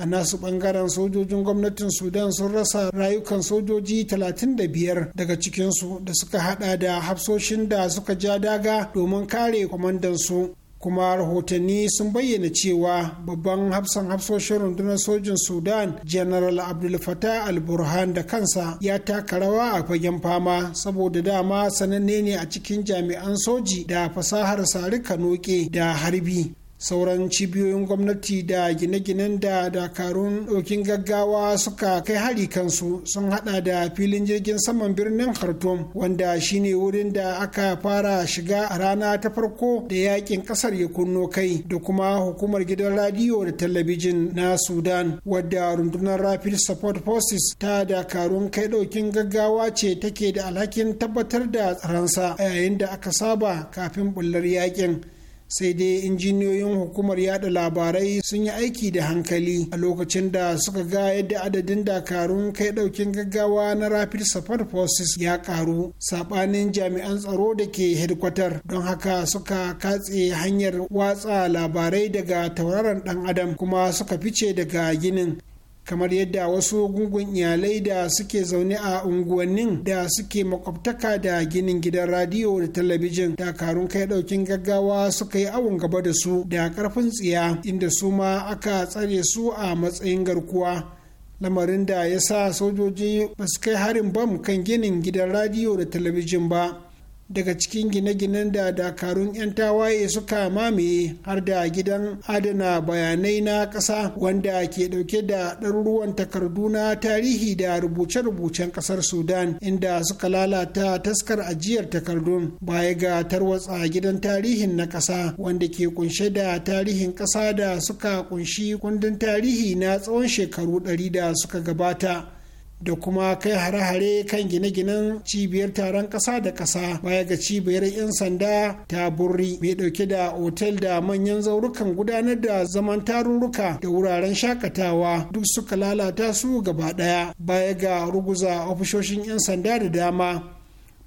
a nasu bangaren sojojin gwamnatin sudan sun rasa rayukan sojoji 35 daga cikinsu da suka hada da hafsoshin da suka ja daga domin kare kwamandansu kuma rahotanni sun bayyana cewa babban hafsan hafsoshin rundunar sojin sudan general abdul fatah al-burhan da kansa ya taka rawa a fagen fama saboda dama sananne ne a cikin jami'an soji da fasahar sari kanoke da harbi sauran cibiyoyin gwamnati da gine-ginen da dakarun ɗokin gaggawa suka kai hari kansu sun hada da filin jirgin saman birnin khartoum wanda shine wurin da aka fara shiga a rana ta farko da yakin kasar ya kunno kai da kuma hukumar gidan radiyo da talabijin na sudan wadda rundunar rapid support forces ta dakarun kai ɗokin gaggawa ce take da alhakin tabbatar da tsaronsa yayin da aka saba kafin bullar yakin sai dai injiniyoyin hukumar yada labarai sun yi aiki da hankali a lokacin da suka ga yadda adadin dakarun kai daukin gaggawa na rapid support forces ya karu sabanin jami'an tsaro da ke hedikwatar don haka suka katse hanyar watsa labarai daga tauraron dan adam kuma suka fice daga ginin kamar yadda wasu gungun iyalai da suke zaune a unguwannin da suke makwabtaka da ginin gidan radiyo da talabijin dakarun kai daukin gaggawa suka yi awon gaba da su da karfin tsiya inda su ma aka tsare su a matsayin garkuwa lamarin da ya sa sojoji ba su kai harin bam kan ginin gidan radiyo da talabijin ba daga cikin gine-ginen da dakarun 'yan tawaye suka mamaye har da gidan adana bayanai na ƙasa wanda ke ɗauke da ɗaruruwan takardu na tarihi da rubuce-rubucen ƙasar sudan inda suka lalata taskar ajiyar takardun baya ga tarwatsa gidan tarihin na ƙasa wanda ke kunshe da tarihin ƙasa da suka kunshi kundin tarihi na tsawon shekaru ɗari da suka gabata da kuma kai hare-hare kan gine-ginen cibiyar taron ƙasa da ƙasa baya ga cibiyar 'yan sanda ta burri mai ɗauke da otel da manyan zaurukan gudanar da zaman tarurruka da wuraren shakatawa duk suka lalata su gaba ɗaya baya ga ruguza ofishoshin 'yan sanda da dama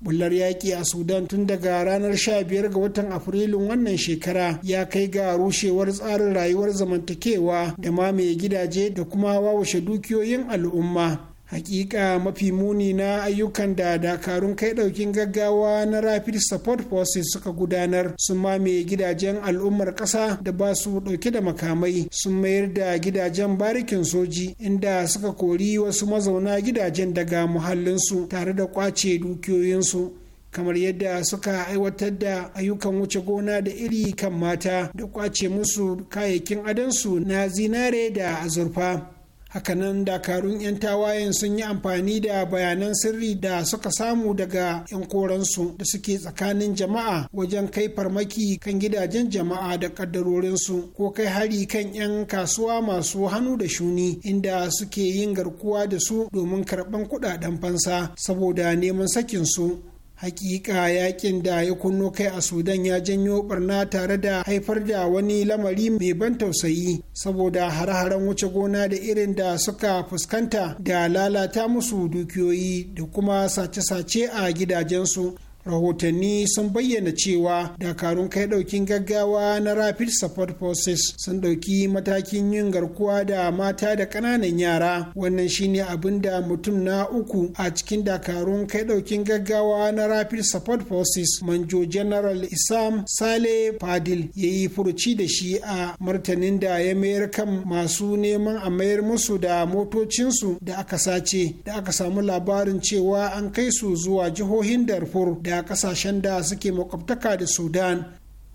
bullar yaƙi a sudan tun daga ranar 15 ga watan afrilun wannan shekara ya kai ga rushewar tsarin rayuwar zamantakewa da mamaye gidaje da kuma wawashe dukiyoyin al'umma hakika mafi muni na ayyukan da dakarun kai daukin gaggawa na rapid support forces suka gudanar sun mame gidajen al'ummar kasa da ba su dauke da makamai sun mayar da gidajen barikin soji inda suka kori wasu mazauna gidajen daga muhallinsu tare da kwace dukiyoyinsu kamar yadda suka aiwatar da ayyukan wuce gona da iri kan mata da kwace musu kayayyakin adansu na zinare da azurfa hakanan dakarun 'yan tawayen sun yi amfani da bayanan sirri da suka samu daga 'yan koransu da suke tsakanin jama'a wajen kai farmaki kan gidajen jama'a da kaddarorinsu ko kai hari kan 'yan kasuwa masu hannu da shuni inda suke yin garkuwa da su domin karɓan kuɗaɗen fansa saboda neman sakinsu hakika yakin da ya kunno kai a sudan ya janyo barna tare da haifar da wani lamari mai ban tausayi saboda hare-haren wuce gona da irin da suka fuskanta da lalata musu dukiyoyi da kuma sace-sace a gidajensu rahotanni sun bayyana cewa dakarun kai daukin gaggawa na rapid support forces sun dauki matakin yin garkuwa da mata da ƙananan yara wannan shine abin da mutum na uku a cikin dakarun kai daukin gaggawa na rapid support forces manjo general isam sale fadil ya yi furuci da shi a martanin da ya mayar kan masu neman a mayar musu da motocinsu da aka sace da aka samu labarin cewa an kai su zuwa jihohin darfur da da kasashen da suke makwabtaka da sudan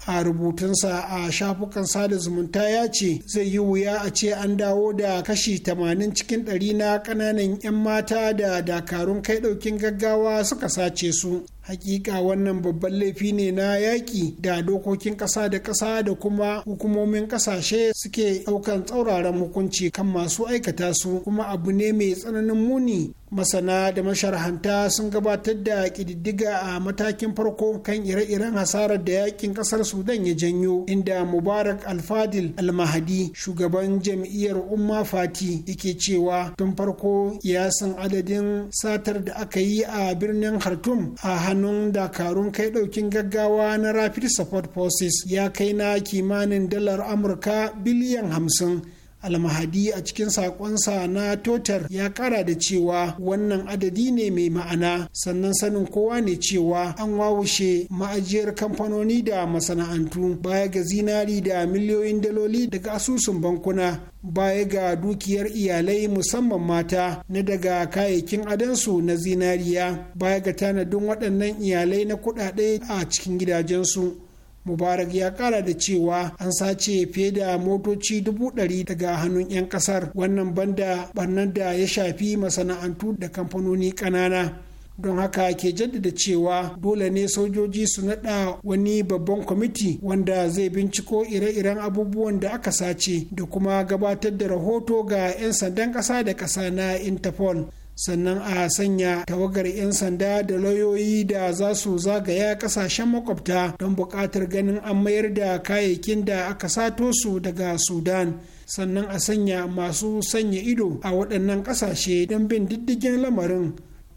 a rubutunsa a shafukan sada zumunta ya ce zai yi wuya a ce an dawo da kashi 80 cikin 100 na kananan 'yan mata da dakarun kai ɗaukin gaggawa suka sace su hakika wannan babban laifi ne na yaƙi da dokokin ƙasa da ƙasa da kuma hukumomin ƙasashe suke ɗaukan tsauraran hukunci kan masu aikata su kuma abu ne mai tsananin muni masana da masharhanta sun gabatar da ƙididdiga a matakin farko kan ire-iren hasarar da yakin ƙasar sudan ya janyo inda mubarak alfadil almahadi shugaban jam'iyyar umma fati yake cewa tun farko san adadin satar da aka yi a birnin khartoum a hannun dakarun kai daukin gaggawa na rapid support forces ya kai na kimanin dalar amurka biliyan hamsin almahadi a cikin sakonsa na totar ya kara da cewa wannan adadi ne mai ma'ana sannan sanin kowa ne cewa an wawushe ma'ajiyar kamfanoni da masana'antu baya ga zinari da miliyoyin daloli daga asusun bankuna baya ga dukiyar iyalai musamman mata na daga kayayyakin adansu na zinariya baya ga tanadin waɗannan iyalai na kuɗaɗe a cikin gidajensu mubarak ya kara da cewa an sace fiye da motoci dubu ɗari daga hannun 'yan kasar wannan banda barnar da ya shafi masana'antu da kamfanoni ƙanana don haka ke jaddada cewa dole ne sojoji su nada wani babban kwamiti wanda zai binciko ire-iren abubuwan da aka sace da kuma gabatar da rahoto ga 'yan sandan ƙasa da ƙasa na interpol sannan a sanya tawagar 'yan sanda da lauyoyi da za su zagaya kasashen makwabta don buƙatar ganin an mayar da kayayyakin da aka sato su daga sudan sannan a sanya masu sanya ido a waɗannan ƙasashe don bin diddigin lamarin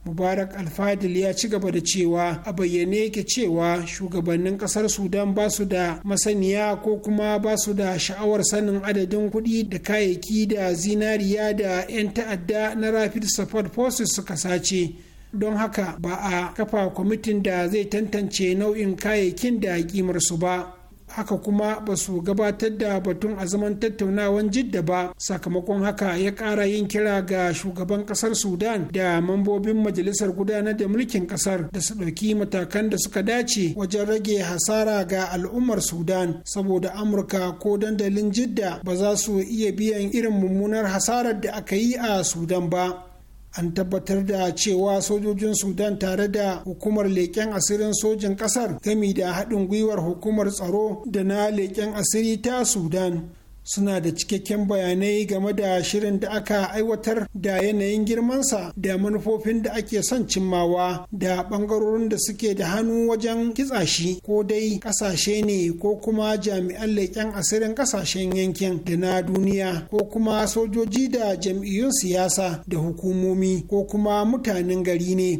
mubarak alfadil ya ci gaba da cewa a bayyane yake cewa shugabannin kasar sudan ba su da masaniya ko kuma ba su da sha'awar sanin adadin kuɗi da kayayyaki da zinariya da 'yan ta'adda na rapid support forces suka sace don haka ba a kafa kwamitin da zai tantance nau'in kayayyakin da ƙimarsu ba haka kuma ba su gabatar da batun a zaman tattaunawan jidda ba sakamakon haka ya kara yin kira ga shugaban kasar sudan da mambobin majalisar gudanar da mulkin kasar da su ɗauki matakan da suka dace wajen rage hasara ga al'ummar sudan saboda amurka ko dandalin jidda ba za su iya biyan irin mummunar hasarar da aka yi a sudan ba an tabbatar da cewa sojojin sudan tare da hukumar leƙen asirin sojin ƙasar gami da haɗin gwiwar hukumar tsaro da na leƙen asiri ta sudan suna da cikakken bayanai game da shirin da aka aiwatar da yanayin girmansa da manufofin da ake son cimmawa da ɓangarorin da suke da hannu wajen kitsa shi ko dai ƙasashe ne ko kuma jami'an leƙen asirin ƙasashen yankin da na duniya ko kuma sojoji da jam'iyyun siyasa da hukumomi ko kuma mutanen gari ne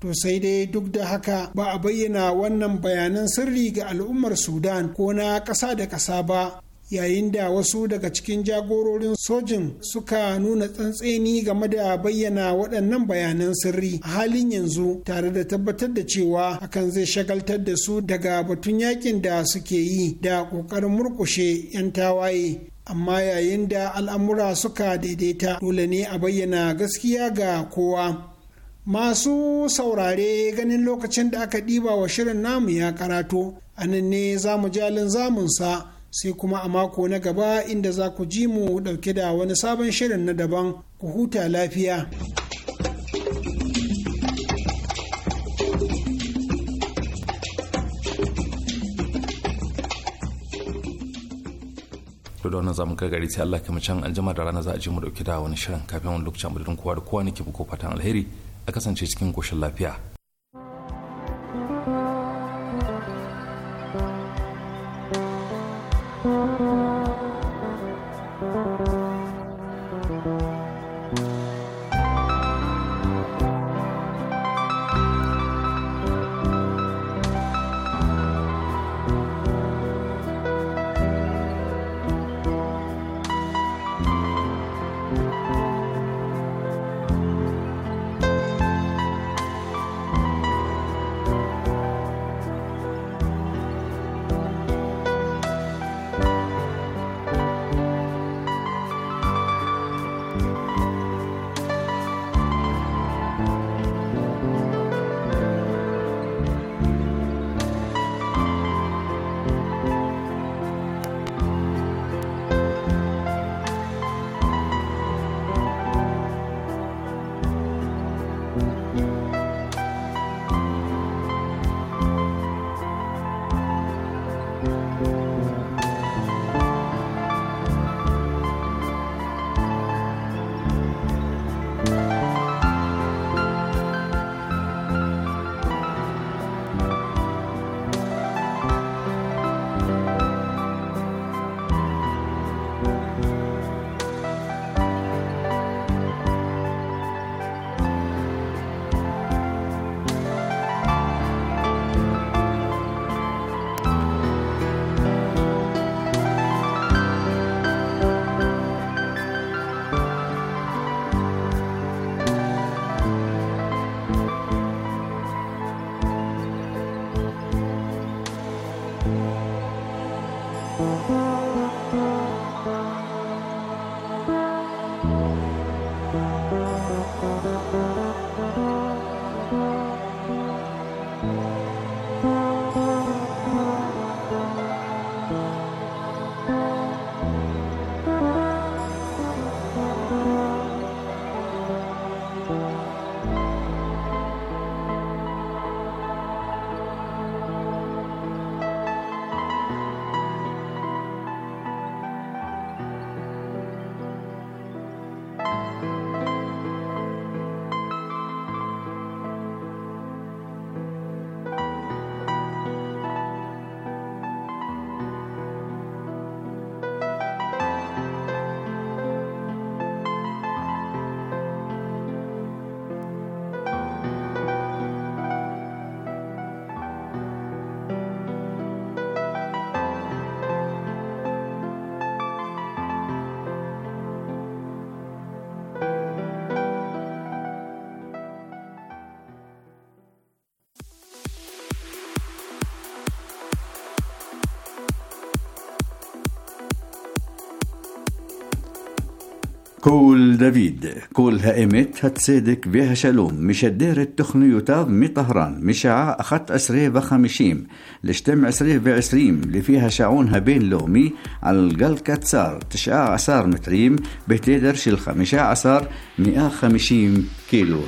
To sai dai duk da haka ba a bayyana wannan bayanan sirri ga al'ummar Sudan ko na ƙasa da ƙasa ba yayin da wasu daga cikin jagororin sojin suka nuna tsantseni game da bayyana waɗannan bayanan sirri a halin yanzu tare da tabbatar da cewa hakan zai shagaltar da su daga batun yakin da suke yi da ƙoƙarin murƙushe 'yan tawaye amma yayin da al'amura suka daidaita dole ne a bayyana gaskiya ga kowa masu saurare ganin lokacin da aka ɗiba wa shirin namu ya karato a nan ne zamu jalin zamunsa sai kuma a mako na gaba inda za ku ji mu dauke da wani sabon shirin na daban ku huta lafiya. da wannan zamu kai gari sai Allah kuma can anjima da rana za a ji mu dauki da wani shirin kafin wani lokacin budurin kowa da kowa nake buko fatan alheri a kasance cikin koshin lafiya كول دافيد كول هائمت هتصدق بها شلوم مش الدير التخني يتاب مي طهران مشاع أخت أسري بخمشيم لشتم أسري بعسريم اللي فيها شعونها بين لومي على القل كتسار تشعى عصار متريم بتدرش الخمشة عصار مئة خمشيم كيلو